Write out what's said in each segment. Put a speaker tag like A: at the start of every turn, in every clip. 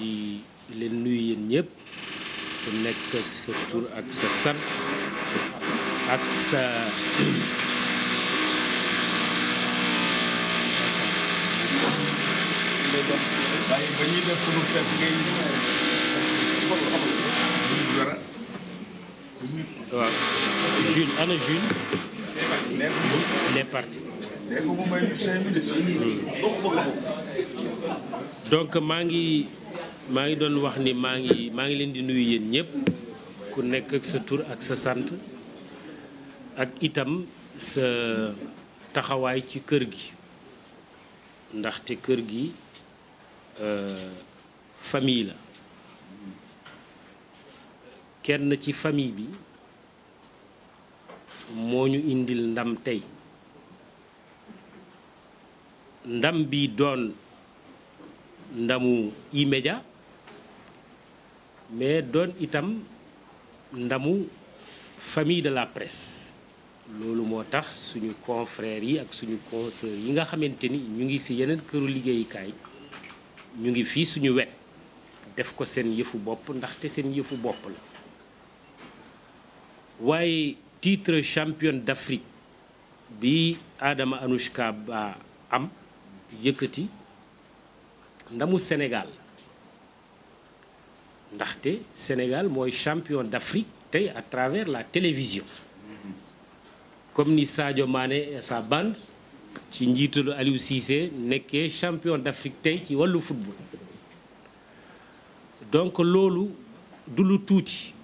A: di leen nuyu yéen nekk sa tur ak sa sant ak sa waaye ana Jules les partis donc maa ngi maa ngi doon wax ni maa ngi maa ngi leen di nuyu yéen ñëpp ku nekk ak sa tur ak sa sant ak itam sa taxawaay ci kër gi ndaxte kër gi euh, famille la kenn ci famille bi moo ñu indil ndam tey ndam bi doon ndamu immédiat mais doon itam ndamu famille de la presse loolu moo tax suñu confrères yi ak suñu consœurs yi nga xamante ni ñu ngi si yeneen këru liggéeyukaay ñu ngi fii suñu wet def ko seen yëfu bopp ndaxte seen yëfu bopp la waaye titre championne d'Afrique bi Adama Anouchka Ba am yëkkati ndamu Sénégal ndaxte Sénégal mooy champion d'Afrique tey à travers la télévision comme ni Sadio maane et sa bande ci njiitalu Aliou Cissé nekkee champion d'Afrique tey ci wàllu football donc loolu du lu tuuti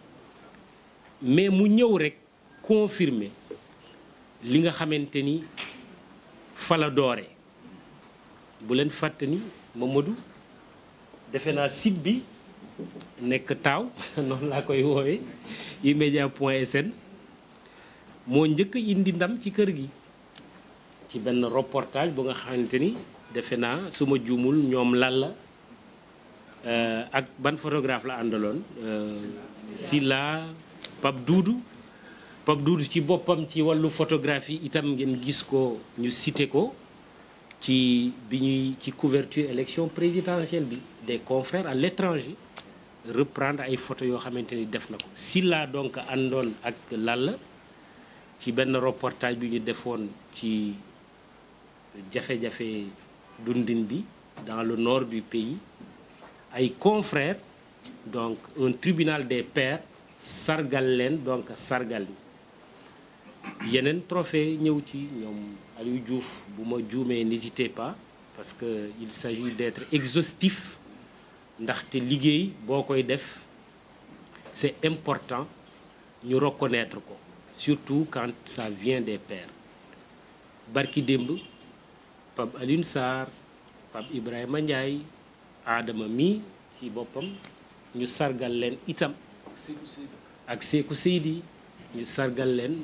A: mais mu ñëw rek confirmer li nga xamante ni fala doore bu leen fàttani Mamadou defe naa site bi nekk taaw noonu laa koy woowee eMedia point sn moo njëkk a indi ndam ci kër gi ci benn reportage bu nga xamante ni defe naa su ma juumul ñoom lan la euh, ak ban photographe la àndaloon euh, Silla Pape duudu Pape Doudou ci boppam ci wàllu photographie itam ngeen gis ko ñu cité ko ci bi ñuy ci couverture élection présidentielle bi des confrères à l'étranger reprendre ay photo yoo xamante ni def na ko Silla donc àndoon ak Lalla ci benn reportage bi ñu defoon ci jafe-jafe dundin bi dans le nord du pays ay confrères donc un tribunal des pairs sargal leen donc sargal mi yeneen trophée ñëw ci ñoom Aliou Diouf bu ma juumee n'hésitez pas parce que il s'agit d'être exhaustif ndaxte liggéey boo koy def c'est important ñu reconnaître ko surtout quand ça vient des pairs barki démb Pape Alioune Sarr Pape Ibrahima Ndiaye aadama mi ci boppam ñu sargal leen itam ak Seeku Seydi ñu sargal leen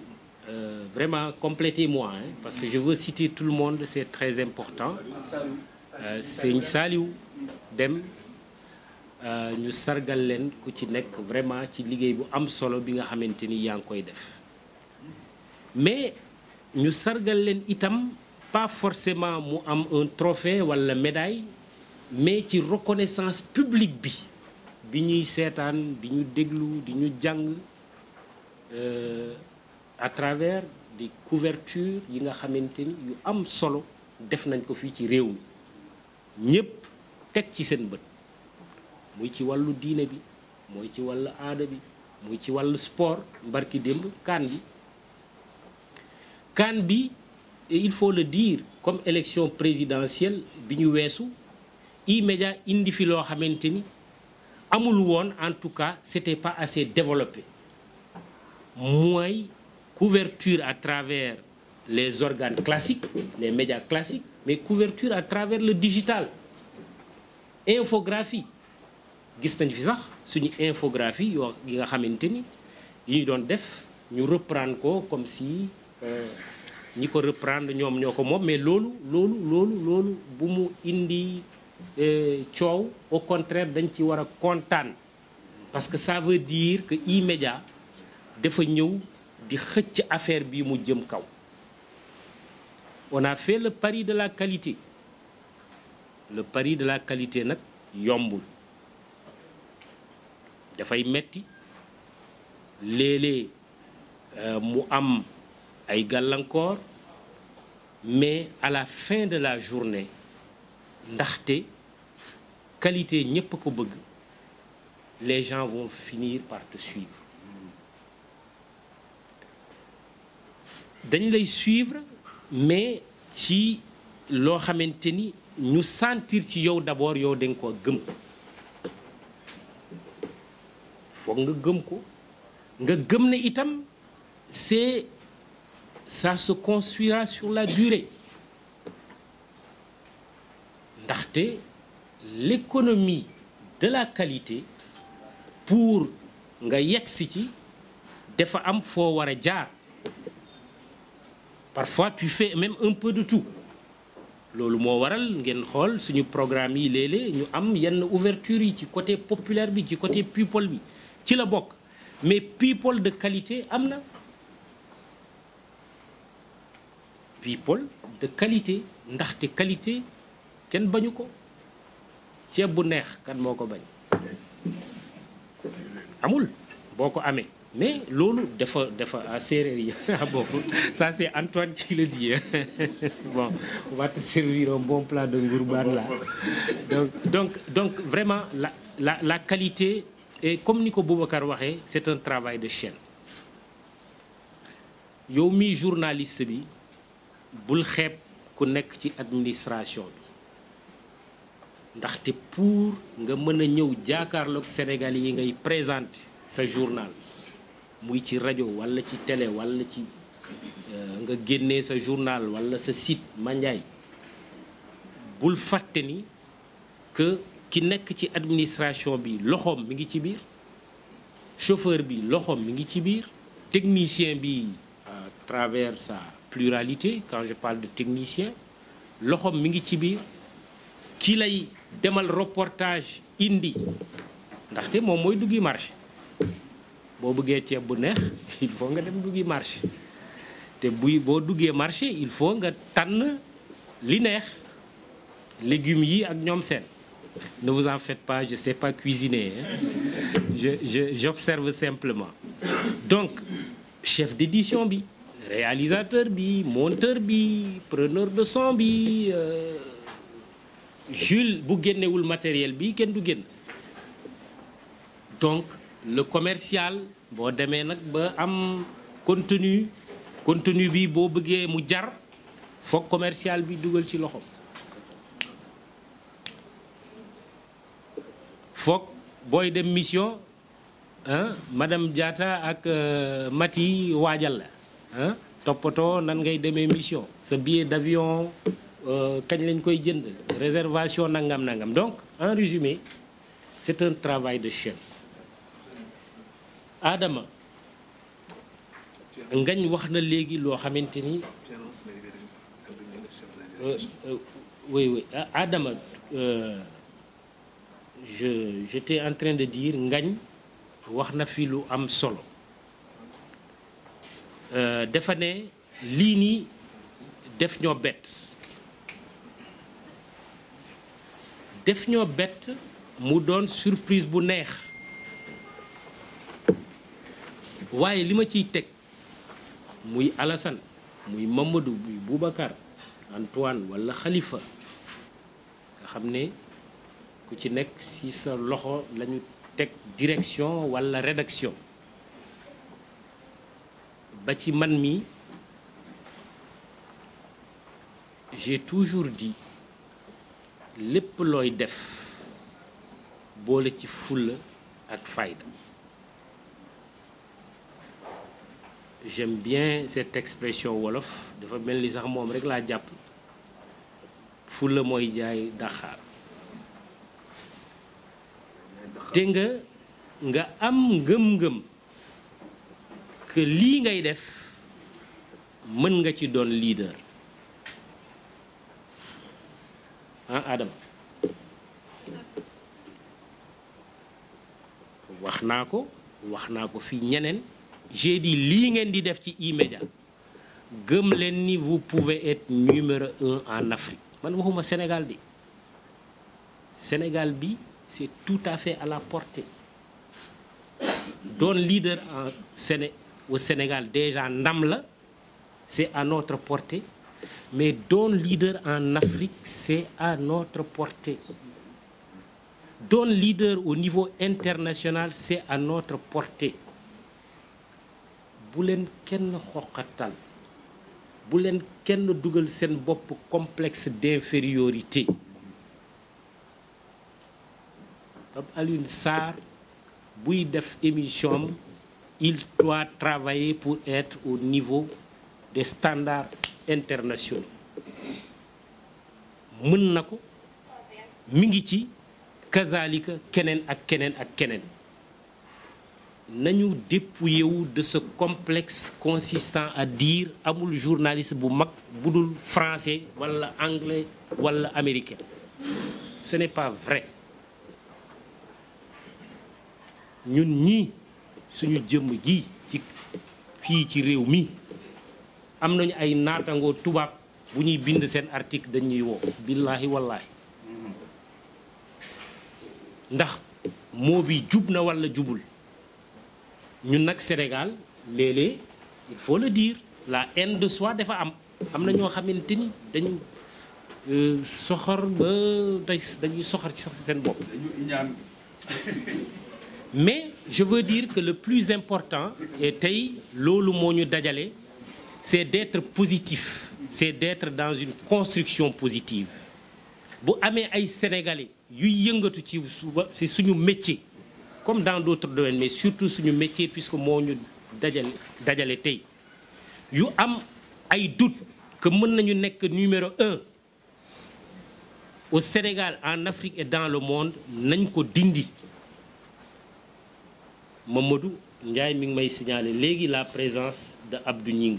A: Euh, vraiment, complétez-moi, parce que je veux citer tout le monde, c'est très important. Euh, Seigne Dem Euh, ñu sargal leen ku ci nekk vraiment ci liggéey bu am solo bi nga xamante ni yaa ngi koy def mais ñu sargal leen itam pas forcément mu am un trophée wala médaille mais ci reconnaissance publique bi bi ñuy seetaan di ñu déglu di ñu jàng euh, à travers des couvertures yi nga xamante ni yu am solo def nañ ko fii ci réew mi ñëpp teg ci seen bët. mooy ci wàllu diine bi mooy ci wàllu aada bi muy ci wàllu sport mbarki démb kaan bi kaan bi il faut le dire comme élection présidentielle bi ñu weesu immédiat indi fi loo xamante ni amul woon en tout cas c'était pas assez développé mooy couverture à travers les organes classiques les médias classiques mais couverture à travers le digital infographie gis nañ fi sax suñu infographie yoo yi nga xamante ni yi ñu doon def ñu reprendre ko comme si euh, ñi ko reprendre ñoom ñoo ko moom mais loolu loolu loolu loolu bu mu indi euh, coow au contraire dañ ci war a kontaan parce que save veut dire que e dafa ñëw di xëcc affaire bi mu jëm kaw on a le pari de la qualité le pari de la qualité nag yombul dafay metti léeg-léeg euh, mu am ay gàllankoor mais à la fin de la journée ndaxte qualité ñépp ko bëgg les gens vont finir par te suivre dañ lay suivre mais ci loo xamante ni ñu sentir ci yow d'abord yow da nga ko gëm foog nga gëm nga gëm ne itam c'est ça se construira sur la durée ndaxte l'économie de la qualité pour nga yegsi ci dafa am foo war a jaar parfois tu fais même un peu de tout loolu moo waral ngeen xool suñu programme yi léeg-léeg ñu am yenn ouverture yi ci côté populaire bi ci côté people bi ci la bokk mais people de qualité am na people de qualité ndaxte qualité kenn bañu ko ceeb bu neex kan moo ko bañ amul boo ko amee mais loolu dafa dafa ah, séréer yi ah bon ça c'est Antoine qui le dit bon on va te servir bon plat de ngourbaan là donc donc vraiment la la qualité et comme ni ko Boubacar waxee c'est un de chaîne yow mi journaliste bi bul xeeb ku nekk ci administration bi ndaxte pour nga mën a ñëw jaakaarloog Sénégal yi ngay présente sa journal muy ci rajo walla ci télé wala ci euh, nga génnee sa journal wala sa site Mandiaye bul fàtte ni que ki nekk ci administration bi loxoom mi ngi ci biir chauffeur bi loxoom mi ngi ci biir technicien bi travers sa pluralité quand je parle de technicien loxoom mi ngi ci biir ki lay demal reportage indi ndaxte moom mooy duggi marché boo bëggee ceeb bu neex il faut nga dem duggi marché te buy boo duggee marché il faut nga tànn li neex légumes yi ak ñoom seen Ne vous en faites pas, je ne sais pas cuisiner. Hein. J'observe simplement. Donc, chef d'édition bi réalisateur bi monteur bi preneur de son bi euh, Jules bu génnewul matériel bi kenn du génn donc le commercial boo demee nag ba am contenu contenu bi boo bëggee mu jar foog commercial bi dugal ci loxo foog booy dem mission ah madame jaata ak euh, Mati waajal la toppatoo nan ngay demee mission sa billet d'avion euh, kañ lañ koy jënd réservation nangam nangam donc en résumé c'est un travail de chef aadama ngañ wax na léegi loo xamante ni euh, oui oui Adama. je j'étais en de diir ngañ wax na fi lu am solo euh, dafa ne lii nii def ñoo bett def ñoo bett mu doon surprise bu neex waaye li ma ciy teg muy alasan muy Mamadou muy Boubacar Antoine wala xalifa nga xam ne ku ci nekk ci sa loxo lañu teg direction walla rédaction ba ci man mi j'ai toujours dit lépp looy def boole ci fulla ak fayda j'aime bien cette expression wolof dafa mel ni sax moom rekk laa jàpp fulla mooy jaay daxaar te nga nga am ngëm-ngëm que lii ngay def mën nga ci doon leader ah wax naa ko wax naa ko fii ñeneen j'ai lii ngeen di def ci immédiat gëm leen ni vous pouvez être numéro en Afrique man waxuma Sénégal di Sénégal bi c'est tout à fait à la portée don leader en Séné au Sénégal déjà ndam la c'est à notre portée mais don leader en Afrique c'est à notre portée doon leader au niveau international c'est à notre portée bu leen kenn xoqatal bu leen kenn dugal seen bopp complexe d'infériorité donc Alioune Sarr buy def émission am il doit travailler pour être au niveau des standards internationaux mën na ko mu ngi ci kazalika keneen ak keneen ak keneen nañu dépouillé wu de ce complex consistant à dire amul journaliste bu mag bu dul français walla anglais walla américain ce n'est pas vrai ñun ñii suñu jëmm ji ci fii ci réew mi am nañu ay naatangoo tubaab bu ñuy bind seen article dañuy woo billaahi wallaahi ndax moo bi jub na walla jubul ñu nag senegal léeg-léeg il faut le dire la haine de dafa am am na ñoo xamante ni dañu euh, soxor ba dañuy soxor ci sax seen bopp. mais je veux dire que le plus important et tey loolu moo ñu dajale c'est d'être positif c'est d'être dans une construction positive bu amee ay sénégalais yuy yëngatu ci suba ci suñu métier comme dans d'autres domaines mais surtout suñu métier puisque moo ñu dajale dajale tey yu am ay doute que mën nañu nekk numéro un au Sénégal en Afrique et dans le monde nañ ko dindi Mamadou Ndiaye mi ngi may signaler léegi la présence de Abdou Ning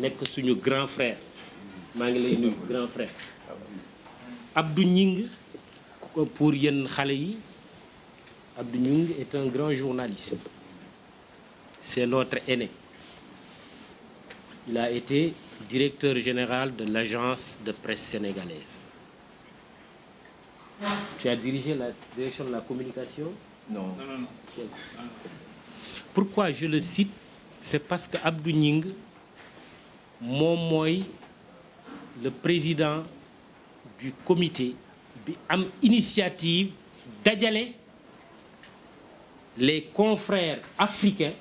A: nekk suñu grand frère maa ngi lay nuyu grand frère Abdou Ning pour yenn xale yi Abdou Ning est un grand journaliste c'est notre aîné il a été directeur général de l'agence de presse sénégalaise tu as dirigé la direction de la communication non non non pourquoi je le cite c'est parce que Abdou Gning moom mooy le président du comité bi am initiative dajale les confrères africains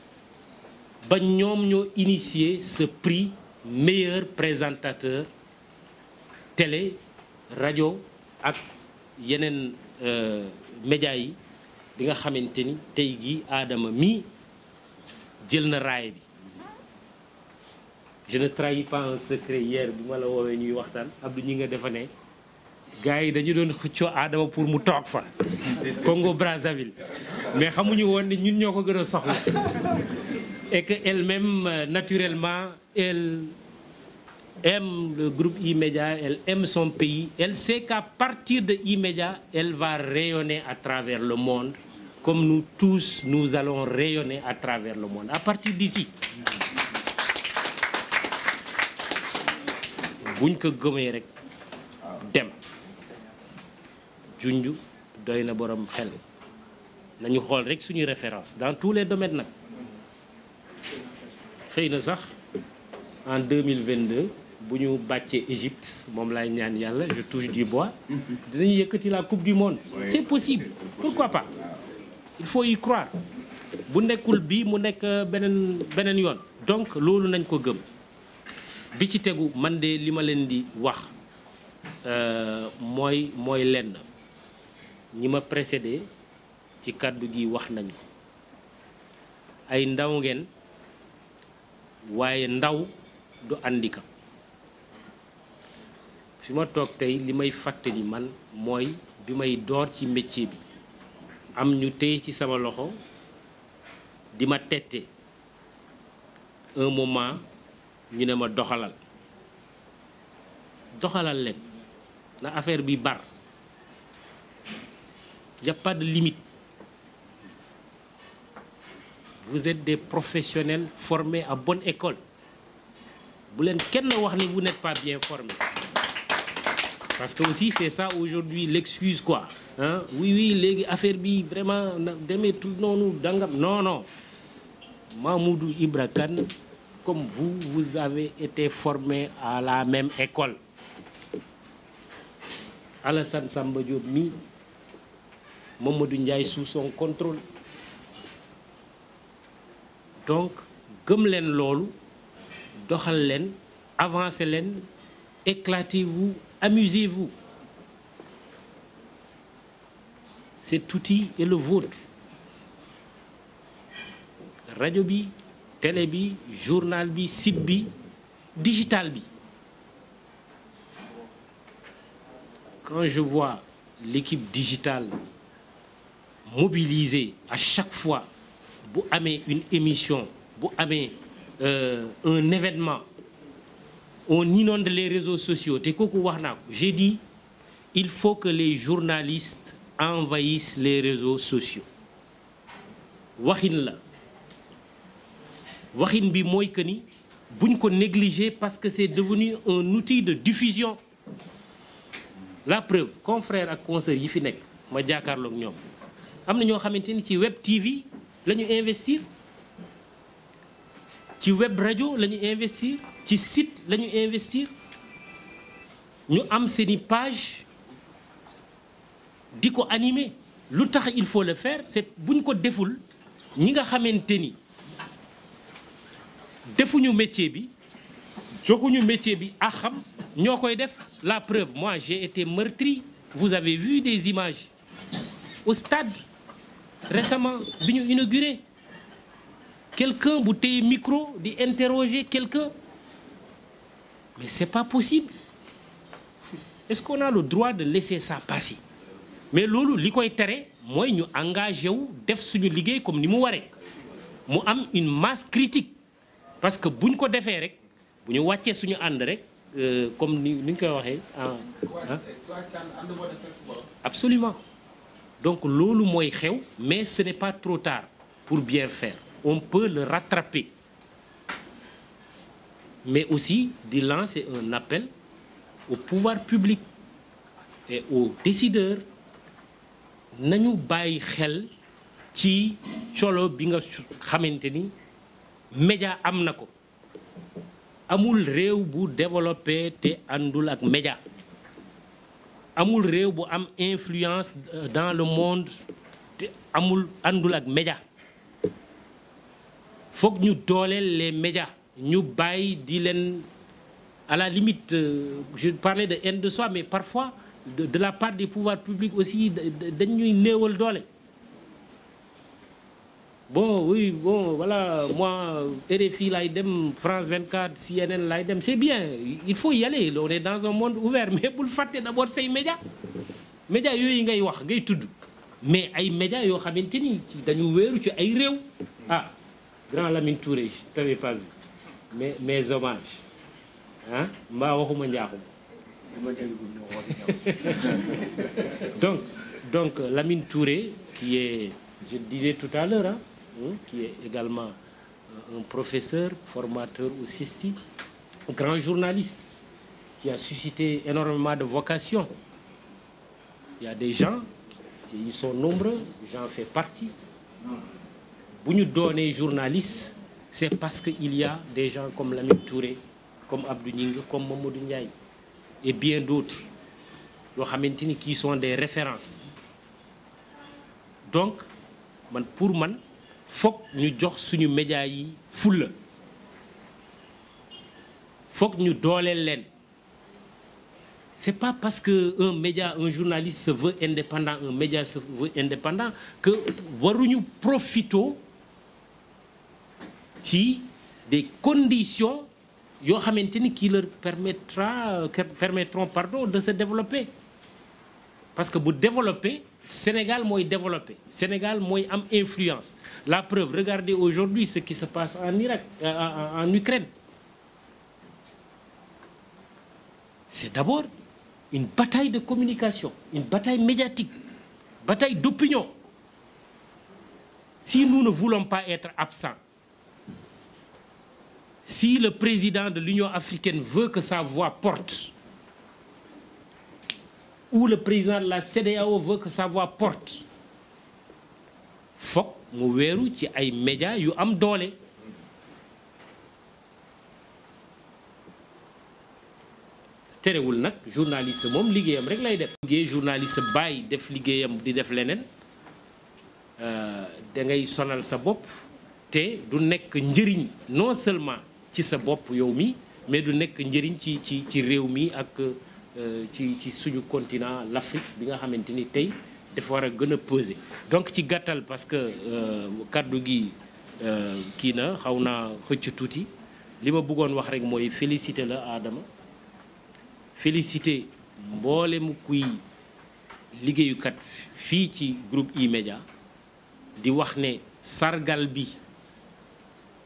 A: ba ñoom ñoo initier ce prix meilleur présentateur télé rajo ak yeneen euh, médias yi bi nga xamante ni tey jii aadama mii jël na raay bi je ne trahis pas un secret hier bi ma la woowee ñuy waxtaan Abdou ñi nga defa ne gars yi dañu doon xëccoo aadama pour mu toog fa Congo Brazzaville mais xamuñu woon ni ñun ñoo ko gën a soxla et elle-même euh, naturellement elle aime le groupe E-Media, elle aime son pays. Elle sait qu'à partir de E-Media, elle va rayonner à travers le monde, comme nous tous, nous allons rayonner à travers le monde, à partir d'ici. buñ ko gëmee rek dem junj doy na borom xel nañu xool rek suñu référence dans tous les domaines nag xëy na sax en 2022 bu ñu bàccee Égypte moom lay ñaan yàlla je touche du bois dinañu yëkkati la coupe du monde c'est possible pourquoi pas il faut y croire bu nekkul bii mu nekk euh, beneen beneen yoon donc loolu nañ ko gëm bi ci tegu man de li ma leen di wax euh, mooy mooy lenn ñi ma précédé ci kàddu gi wax nañ ko ay ndaw ngeen waaye ndaw du handicap fi ma toog tey li may fàttali man mooy bi may door ci métier bi am ñu téye ci sama loxo di ma tette un moment ñu ne ma doxalal doxalal leen na affaire bi bar y a pas de limite vous êtes des professionnels formés à bonne école bu leen kenn wax ni vous n'êtes pas bien formés parce que aussi c'est ça aujourd'hui l'excuse quoi ah oui léegi affaire bi vraiment na demeetul noonu dangam non non Mamoudou Ibra Kane comme vous avez été formé à la même école Alassane Samba Diop mi Mamadou Ndiaye sous son contrôle donc gëm leen loolu doxal leen avancer leen éclatez-vous amusez-vous. Cet outil est le vôtre. rajo bi télé bi journal bi site bi digital bi. Quand je vois l'équipe digitale mobilisée à chaque fois bu amee une émission bu amee euh, un événement. on inonde les réseaux sociaux te kooku wax naa ko j'ai dit il faut que les journalistes envahissent les réseaux sociaux waxin la waxin bi mooy que ni buñ ko négliger parce que c'est devenu un outil de diffusion la preuve confrère ak consœurs yi fi nekk ma jàkkaarloog ñoom am na ñoo xamante ni ci web TV la investir ci web rajo la ñu investir ci site la ñu investir ñu am seeni page di ko animer lu tax il faut le faire c'est buñ ko deful ñi nga xamante ni defuñu métier bi joxuñu métier bi a xam ñoo koy def la preuve moi j'ai été meurtri vous avez vu des images au stade récemment bi ñu inauguré quelqu'un bu téye micro di interroger quelqu'un mais c'est pas possible est-ce qu'on a le droit de laisser ça passer mais loolu li koy tere mooy ñu engagé wu def suñu liggéey comme ni mu waree mu am une masse critique parce que buñ ko defee rek bu ñu wàccee suñu ànd rek euh, comme ni ñu koy waxee ah, ah absolument donc loolu mooy xew mais ce n'est pas trop tard pour bien faire on peut le rattraper. Mais aussi de lancer un appel au pouvoir public et aux décideurs nañu bàyyi xel ci colo bi nga xamante ni média am na ko amul réew bu développé te àndul ak média amul réew bu am influence euh, dans le monde amul àndul ak média foog ñu dooleel les médias ñu bàyyi di leen à la limite euh, je parlais de haine de soi mais parfois de, la part des pouvoirs publics aussi dañ ñuy néewal doole bon oui bon voilà moi RFI laay dem France 24 CNN laay dem c'est bien il faut y aller on est dans un monde ouvert mais bul fàtte d'abord say médias médias yooyu ngay wax ngay tudd mais ay médias yoo xamante ni dañu wéeru ci ay réew ah, grand Lamine Touré je t'avais pas vu mais mes hommages ah mbaa waxuma njaaxum donc donc Lamine Touré qui est je disais tout à l'heure qui est également euh, un professeur formateur au CESTI grand journaliste qui a suscité énormément de vocations il y a des gens ils sont nombreux j'en fais partie bu ñu doonee journaliste c'est parce que il y a des gens comme Lamine Touré comme Abdou Gningue comme Mamadou Ndiaye et bien d'autres loo xamante ni qui sont des références donc man pour man foog ñu jox suñu médias yi fulla foog ñu dooleel leen c'est pas parce que un média un journaliste se veut indépendant un média se veut indépendant que waruñu profito ci des conditions yoo xamante ni qui leur permettra permettront pardon de se développer parce que bu développer Sénégal mooy développer Sénégal mooy am influence la preuve regardez aujourd'hui ce qui se passe en Irak euh, en Ukraine c'est d'abord une bataille de communication une bataille médiatique bataille d'opinion si nous ne voulons pas être absents si le président de l'Union africaine veut que sa voix porte, ou le président de la CEDEAO veut que sa porte, foog mu weeru ci ay médias yu am doole. terewul nag journaliste moom liggéeyam rek lay def. liggéey journaliste bàyyi def liggéeyam di def leneen euh, da ngay sonal sa bopp te du nekk njëriñ non seulement. ci sa bopp yow mi mais du nekk njëriñ ci ci ci réew mi ak euh, ci ci suñu continent l'Afrique bi nga xamante ni tey dafa war a gën a peser donc ci gàttal parce que euh, kàddu gi euh, kii na xaw naa xëcc tuuti li ma bëggoon wax rek mooy félicité la Adama félicité mu kuy liggéeyukat fii ci groupe E-Media di wax ne sargal bi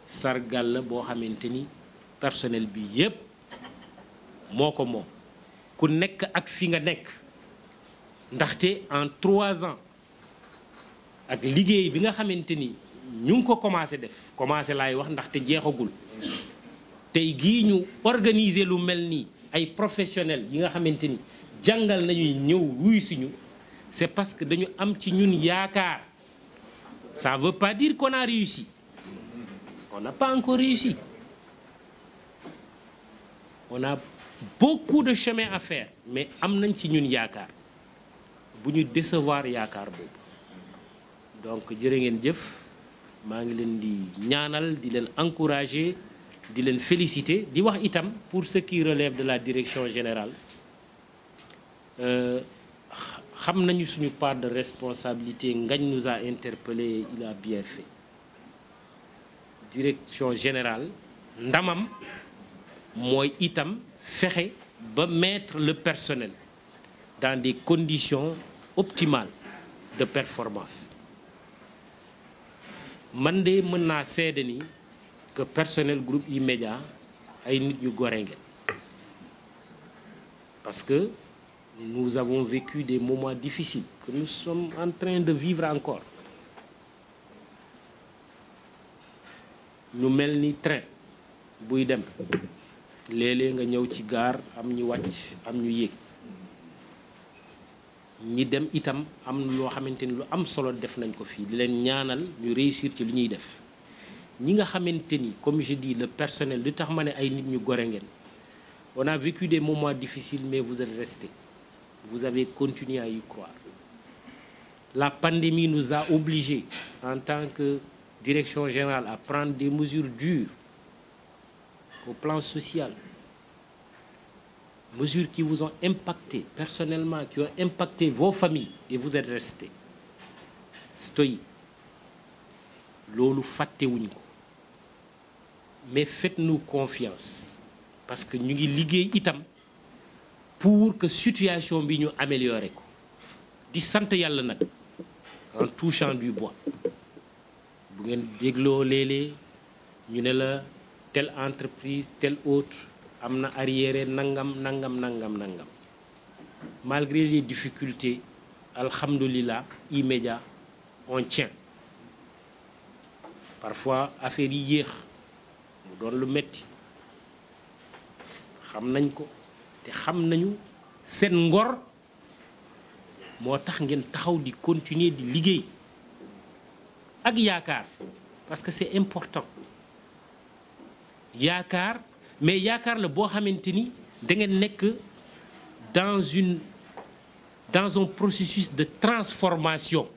A: sargal la boo xamante ni personnel bi yépp moo ko moom ku nekk ak fi nga nekk ndaxte en trois ans ak liggéey bi nga xamante ni ñu ngi ko commencé def commencé lay wax ndaxte jeexagul tey gii ñu organiser lu mel nii ay professionnels yi nga xamante ni jàngal nañuy ñëw wuy suñu c'est parce que dañu am ci ñun yaakaar ça veut pas dire qu'on a réussi On n'a pas encore réussi. On a beaucoup de chemin affaire mais am nañ ci ñun yaakaar bu ñu décevoir yaakaar boobu donc jërë ngeen jëf maa ngi leen di ñaanal di leen encourager di leen féliciter di wax itam pour ce qui relève de la direction générale euh, xam nañu suñu part de responsabilité Ngagne nous a il a bien fait direction générale ndamam mooy itam fexe ba mettre le personnel dans des conditions optimales de performance man de mën naa seede ni que personnel groupe E-Media ay nit ñu gore parce que nous avons vécu des moments difficiles que nous sommes en train de vivre encore ñu mel ni train buy dem léeg-léeg nga ñëw ci gaar am ñu wàcc am ñu yéeg ñi dem itam am loo xamante ni lu am solo def nañ ko fii di leen ñaanal ñu réussir ci lu ñuy def ñi nga xamante ni comme je dis le personnel lu tax ma ne ay nit ñu gore ngeen on a vécu des moments difficiles mais vous êtes restés vous avez continué à y croire la pandémie nous a obligés en tant que direction générale à prendre des mesures dures au plan social, mesures qui vous ont impacté personnellement, qui ont impacté vos familles, et vous êtes resté stoïque. loolu fàttewuñ ko mais faites-nous confiance parce que ñu ngi liggéey itam pour que situation bi ñu améliorer ko di sant yàlla nag en touchant du bois bu ngeen dégloo léeg ñu ne la tel entreprise telle autre am na arriéré nangam nangam nangam nangam malgré les difficultés alhamdulilah immédiat on tient parfois affaire yi yéex mu doon lu metti xam nañ ko te xam nañu seen ngor moo tax ngeen taxaw di continuer di liggéey ak yaakaar parce que c'est important yaakaar mais yaakaar la boo xamante ni da ngeen nekk dans une dans un processus de transformation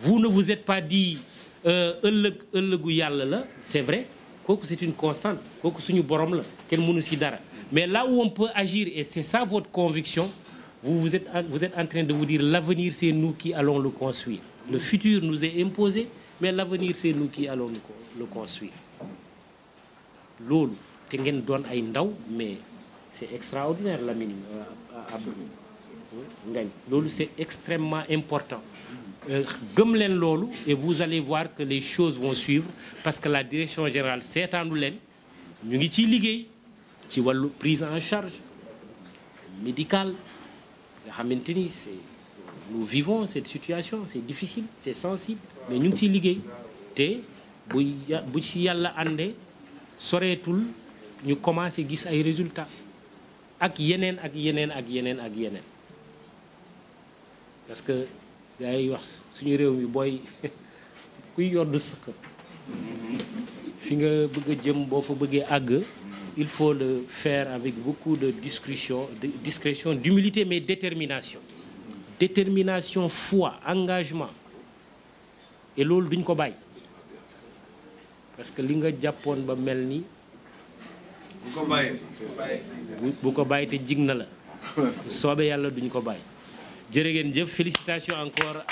A: vous ne vous êtes pas dit euh, ëllëg ëllëgu yàlla la c'est vrai kooku c'est une constante kooku suñu borom la kenn mënu si dara mais là où on peut agir et c'est ça votre conviction vous vous êtes vous êtes en train de vous dire l'avenir c'est nous qui allons le construire Le futur nous est imposé, mais l'avenir c'est nous qui allons le construire. loolu te ngeen doon ay ndaw mais c'est extraordinaire Lamine euh, Abdou Ngagne loolu c'est extrêmement important euh, gëm leen loolu et vous allez voir que les choses vont suivre parce que la direction générale seetaanu leen ñu ngi ci liggéey ci wàllu prise en charge médicale nga xamante ni c'est nous vivons cette situation c'est difficile c'est sensible mais ñu ngi ciy liggéey te bu bu ci yàlla ànde soreetul ñu commencé gis ay résultats ak yeneen ak yeneen ak yeneen ak yeneen parce que gars yi wax suñu réew mi booy kuy yoddu sëq fi nga bëgg a jëm boo fa bëggee àgg il faut le faire avec beaucoup de discrétion de discrétion d'humilité mais détermination détermination fois engagement et loolu duñ ko bàyyi parce que li nga jàppoon ba mel ni bu ko bàyyi te jig na la soobe yàlla duñ ko bàyyi jërë ngeen jëf félicitations encore